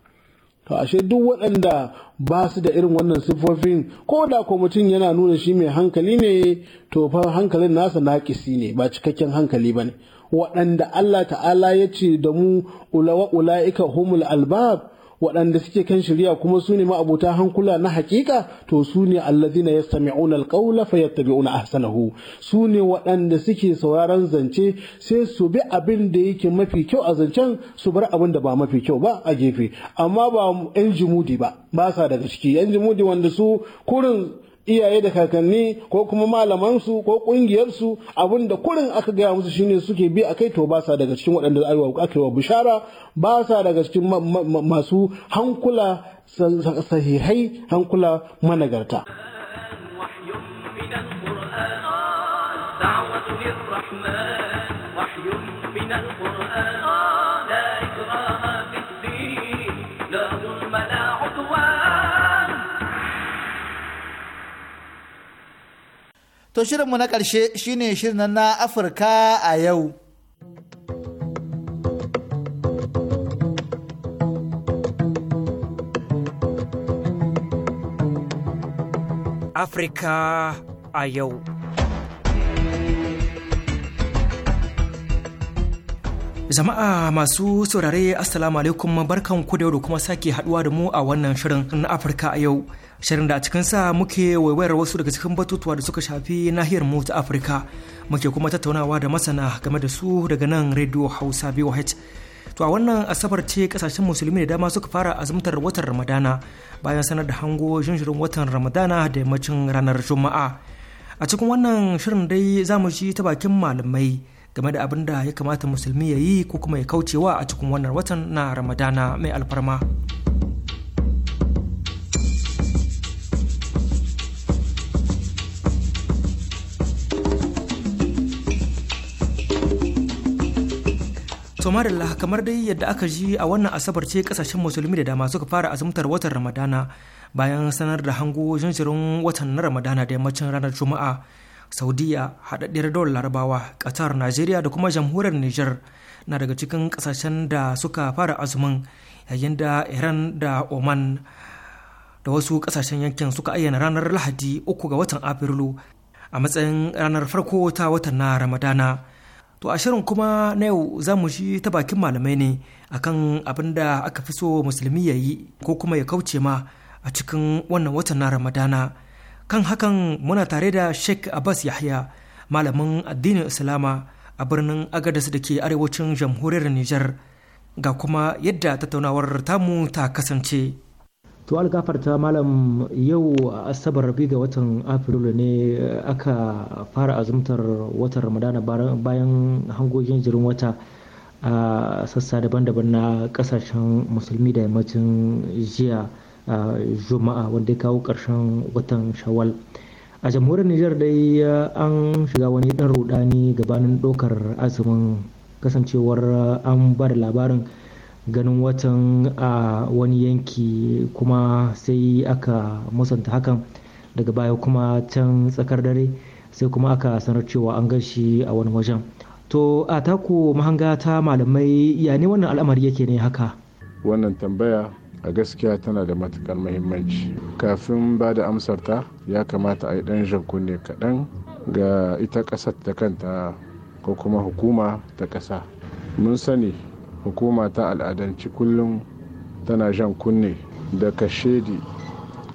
to ashe duk waɗanda ba su da irin wannan siffofin ko da ko mutum yana nuna shi mai hankali ne to fa hankalin nasa naƙisi ne ba cikakken hankali ba ne waɗanda Allah ta'ala ya ce da mu ula'ika humul albab waɗanda suke kan shiriya kuma su ne ma'abuta hankula na hakika to su ne allazina yastami'una alqawla fayattabi'una ahsanahu su ne waɗanda suke sauraron zance sai su bi abin da yake mafi kyau a zancen su bar abin da ba mafi kyau ba a gefe amma ba yan jimudi ba ba sa daga ciki yan jimudi wanda su kurin iyaye da kakanni ko kuma malamansu ko kungiyarsu abinda da kurin aka gaya musu shine suke bi a kai to ba sa daga cikin waɗanda aka yi wa bishara ba sa daga cikin masu hankula sahihai hankula managarta. To shirinmu na ƙarshe shine shirin na Afirka a yau. Afirka a yau. Jama'a masu saurare Assalamu alaikum barkan ku da yau da kuma sake haduwa da mu a wannan shirin na Afirka a yau. Shirin da a cikin sa muke waiwayar wasu daga cikin batutuwa da suka shafi nahiyar mu ta Afirka. Muke kuma tattaunawa da masana game da su daga nan Radio Hausa BOH. To a wannan asabar ce kasashen musulmi da dama suka fara azumtar watan Ramadana bayan sanar da hango shirin watan Ramadana da yammacin ranar Juma'a. A cikin wannan shirin dai za mu ji ta bakin malamai game da abin da ya kamata musulmi ya yi ko kuma ya kaucewa a cikin wannan watan na ramadana mai alfarma somalila kamar dai yadda aka ji a wannan asabar ce kasashen musulmi da dama suka fara azumtar watan ramadana bayan sanar da hango jinjirin watan na ramadana da yammacin ranar juma'a saudiya haɗaɗɗiyar dole larabawa qatar najeriya da kuma jamhuriyar niger na daga cikin ƙasashen da suka fara azumin yayin da iran da oman da wasu ƙasashen yankin suka ayyana ranar lahadi uku ga watan afirilu a matsayin ranar farko ta watan na ramadana To a shirin kuma na yau za mu shi ta bakin malamai ne akan abin da aka fi so musulmi ya yi ko kuma ya kauce ma a cikin wannan watan na Ramadana kan hakan muna tare da sheikh abbas yahya malamin addinin islama a birnin agadas da ke arewacin jamhuriyar nijar ga kuma yadda tattaunawar tamu ta kasance to ta malam yau asabar rabi ga watan afrilu ne aka fara azumtar watan ramadana bayan hangogin jirin wata a sassa daban-daban na kasashen musulmi da yammacin jiya juma'a wanda ya kawo ƙarshen watan shawal a jamhuriyar nijar dai an shiga wani dan rudani gabanin ɗaukar azumin kasancewar an ba da labarin ganin watan a wani yanki kuma sai aka musanta hakan daga baya kuma can tsakar dare sai kuma aka sanar cewa an gashi a wani wajen to a taku mahanga ta malamai ya ne wannan al'amari yake ne haka wannan tambaya a gaskiya tana da matukar mahimmanci kafin ba da amsarta ya kamata a yi ɗan jan kunne kaɗan ga ita ƙasar ta kanta ko kuma hukuma ta ƙasa mun sani hukuma ta al'adanci kullum tana jan kunne da kashedi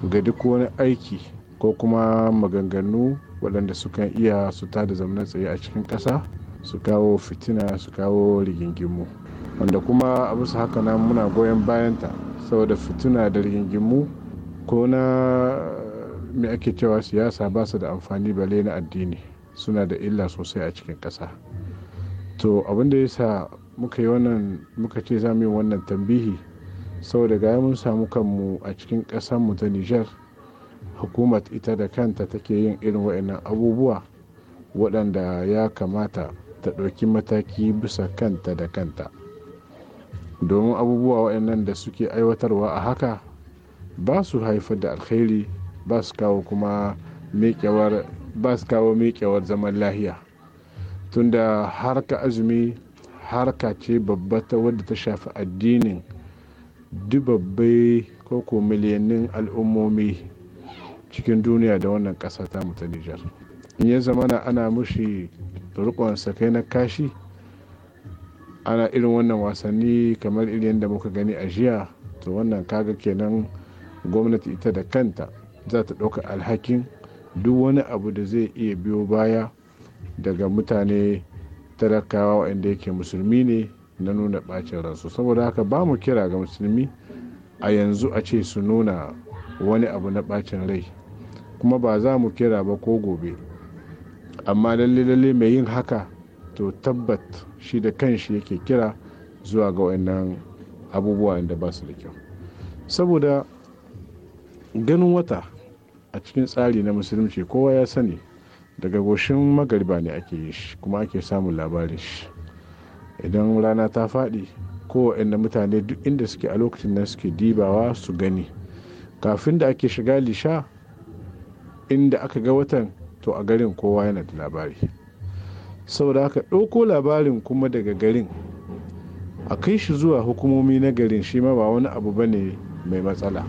ga duk wani aiki ko kuma maganganu waɗanda sukan iya su da zamanin tsaye a cikin ƙasa su kawo fitina su kawo rigingimu wanda kuma a su haka nan muna goyon bayanta saboda fituna da rigingimu ko na me ake cewa siyasa ba su da amfani bale na addini suna da illa sosai a cikin ƙasa to abin da ya sa muka yi wannan muka ce za mu yi wannan tambihi saboda gaya mun samu kanmu a cikin mu ta nijar hukumat ita da kanta take yin irin wa'annan abubuwa waɗanda ya kamata ta ɗauki mataki bisa kanta da kanta domin abubuwa waɗannan da suke aiwatarwa a haka ba su haifar da alkhairi ba su kawo kuma mekewar ba su kawo mekewar zaman lahiya tunda harka azumi harka ce babba ta wadda ta shafi addinin dubabbai ko ko miliyanin al'ummomi cikin duniya da wannan ƙasa ta mutane jar. In ya zamana ana mushi rikon sakai na kashi ana irin wannan wasanni kamar irin da muka gani a jiya to wannan kaga kenan gwamnati ita da kanta za ta ɗauka alhakin duk wani abu da zai iya biyo baya daga mutane talakawa waɗanda yake musulmi ne na nuna ɓacin ransu saboda haka ba mu kira ga musulmi a yanzu a ce su nuna wani abu na ɓacin rai kuma ba za mu kira ba ko gobe amma lalle lalle mai yin haka to tabbat shi da kanshi yake kira zuwa ga wannan abubuwa inda ba su da kyau saboda ganin wata a cikin tsari na musulunci kowa ya sani daga goshin magariba ne ake yi shi kuma ake samun labarin shi idan rana ta faɗi kowaɗanda mutane duk inda suke a lokacin nan suke dibawa su gani kafin da ake shiga lisha inda aka ga watan to a garin kowa yana da labari saboda haka ɗauko labarin kuma daga garin a kai shi zuwa hukumomi na garin shi ma ba wani abu ba ne mai matsala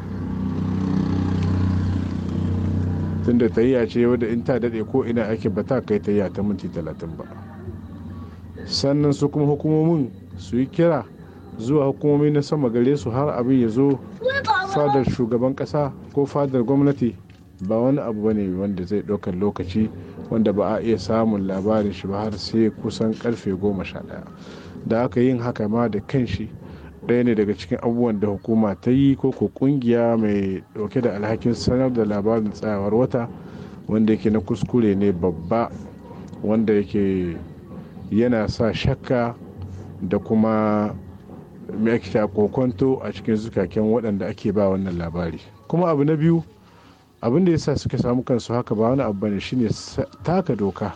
tunda tayya ce wadda in ta daɗe ko ina ake ba ta kai tayya ta minti talatin ba sannan su kuma hukumomin su yi kira zuwa hukumomi na sama gare su har abin ya zo fadar shugaban ƙasa ko fadar gwamnati ba wani abu bane wanda zai ɗaukar lokaci wanda ba a iya samun labarin shi ba har sai kusan karfe goma sha ɗaya da aka yin haka ma da kan shi ɗaya ne daga cikin abubuwan da hukuma ta yi ko ko ƙungiya mai ɗauke da alhakin sanar da labarin tsayawar wata wanda yake na kuskure ne babba wanda yake yana sa shakka da kuma mai kokonto a cikin zukakken waɗanda ake ba wannan labari kuma abu na biyu abin da ya sa suka samu kansu haka ba wani abu ne shine taka doka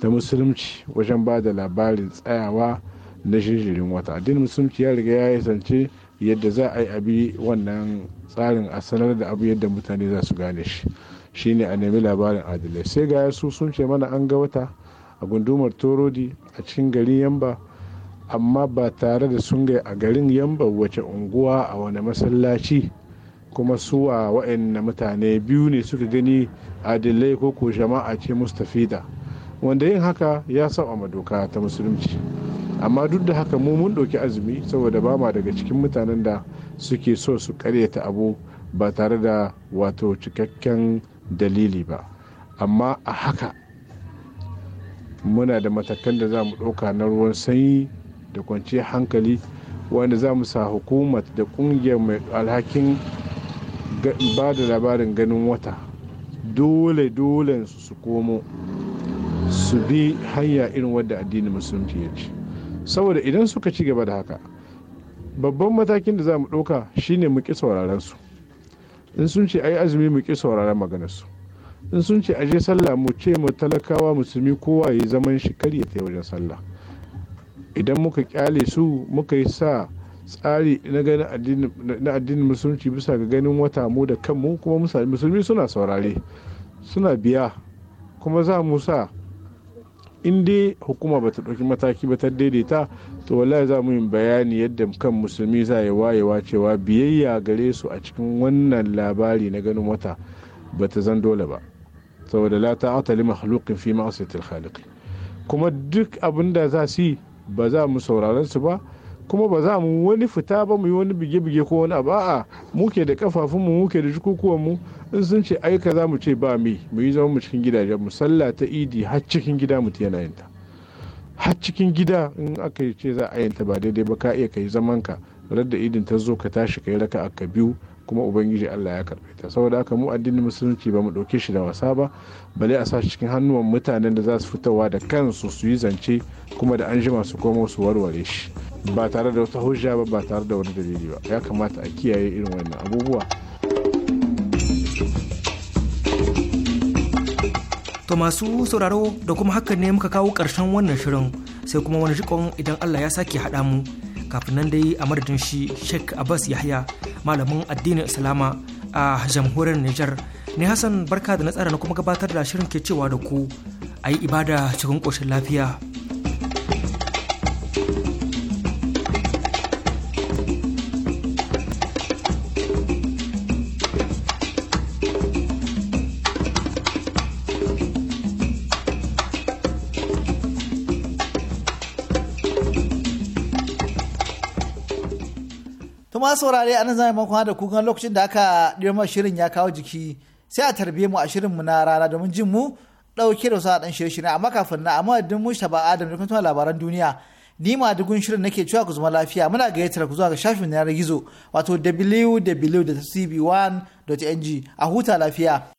da musulunci wajen ba da labarin tsayawa na jinjirin wata addinin musulunci ya riga ya zance yadda za a yi abi wannan tsarin a sanar da abu yadda mutane za su gane shi shine a nemi labarin adalai sai ga su sun ce mana an ga wata a gundumar torodi a cikin garin yamba amma ba tare da sun gai a garin yamba wace unguwa a wani masallaci kuma su a mutane biyu ne suka gani adilai ko ko jama'a ce mustafida wanda yin haka ya sa ma doka ta musulunci amma duk da haka mu mun ɗauki azumi saboda ba ma daga cikin mutanen da suke so su karyata abu ba tare da wato cikakken dalili ba amma a haka muna da matakan da za mu ɗauka na ruwan sanyi da kwanciyar hankali wanda za mu sa hukumar da ƙungiyar mai alhakin ba da labarin ganin wata dole dole su komo su bi hanya irin wadda addinin musulunci ya ci saboda idan suka ci gaba da haka babban matakin da za mu ɗauka shine mu ƙi sauraron su in sun ce ai azumi mu ƙi sauraren maganar su in sun ce aje sallah mu ce mu talakawa musulmi kowa ya zaman shi kar ya wajen sallah idan muka kyale su muka yi sa tsari na ganin na addinin musulunci bisa ga ganin wata mu da kanmu kuma musulmi suna saurare suna biya kuma za mu sa in dai hukuma bata ɗauki mataki ba ta daidaita to wallahi za mu yi bayani yadda kan musulmi za yi wayewa cewa biyayya gare su a cikin wannan labari na ganin wata bata zan dole ba saboda la ta'ata li makhluqin fi ma'siyatil khaliq kuma duk abin da za su yi ba za mu sauraron su ba kuma ba za mu wani fita ba mu yi wani bige-bige ko wani abu a muke da kafafunmu muke da mu in sun ce aika za mu ce ba mi mu yi zama mu cikin gidajen mu sallah ta idi har cikin gida mu yana yin ta har cikin gida in aka yi ce za a yin ta ba daidai ba ka iya kai zaman ka radda idin ta zo ka tashi kai raka aka biyu kuma ubangiji Allah ya karbe ta saboda haka mu addinin musulunci ba mu dauke shi da wasa ba bale a sa shi cikin hannuwan mutanen da za su fitowa da kansu su yi zance kuma da an jima su komo su warware shi ba tare da wata hujja ba ba tare da wani dalili ba ya kamata a kiyaye irin wannan abubuwa to masu sauraro da kuma hakan ne muka kawo ƙarshen wannan shirin sai kuma wani jikon idan Allah ya sake haɗa mu kafin nan dai a madadin shi Sheikh Abbas Yahya malamin addinin Islama a jamhuriyar Nijar ne Hassan barka da na tsara na kuma gabatar da shirin ke cewa da ku ayi ibada cikin koshin lafiya ma saurare anan nan zai makon da kukan lokacin da aka ɗirma shirin ya kawo jiki sai a tarbiye mu a shirin mu na rana domin jin mu ɗauke da wasu a ɗan shirye-shirye amma kafin na amma din mu shaba adam da kuma labaran duniya ni ma dugun shirin nake cewa ku zama lafiya muna gayyatar ku zuwa ga shafin yanar gizo wato www.cb1.ng a huta lafiya.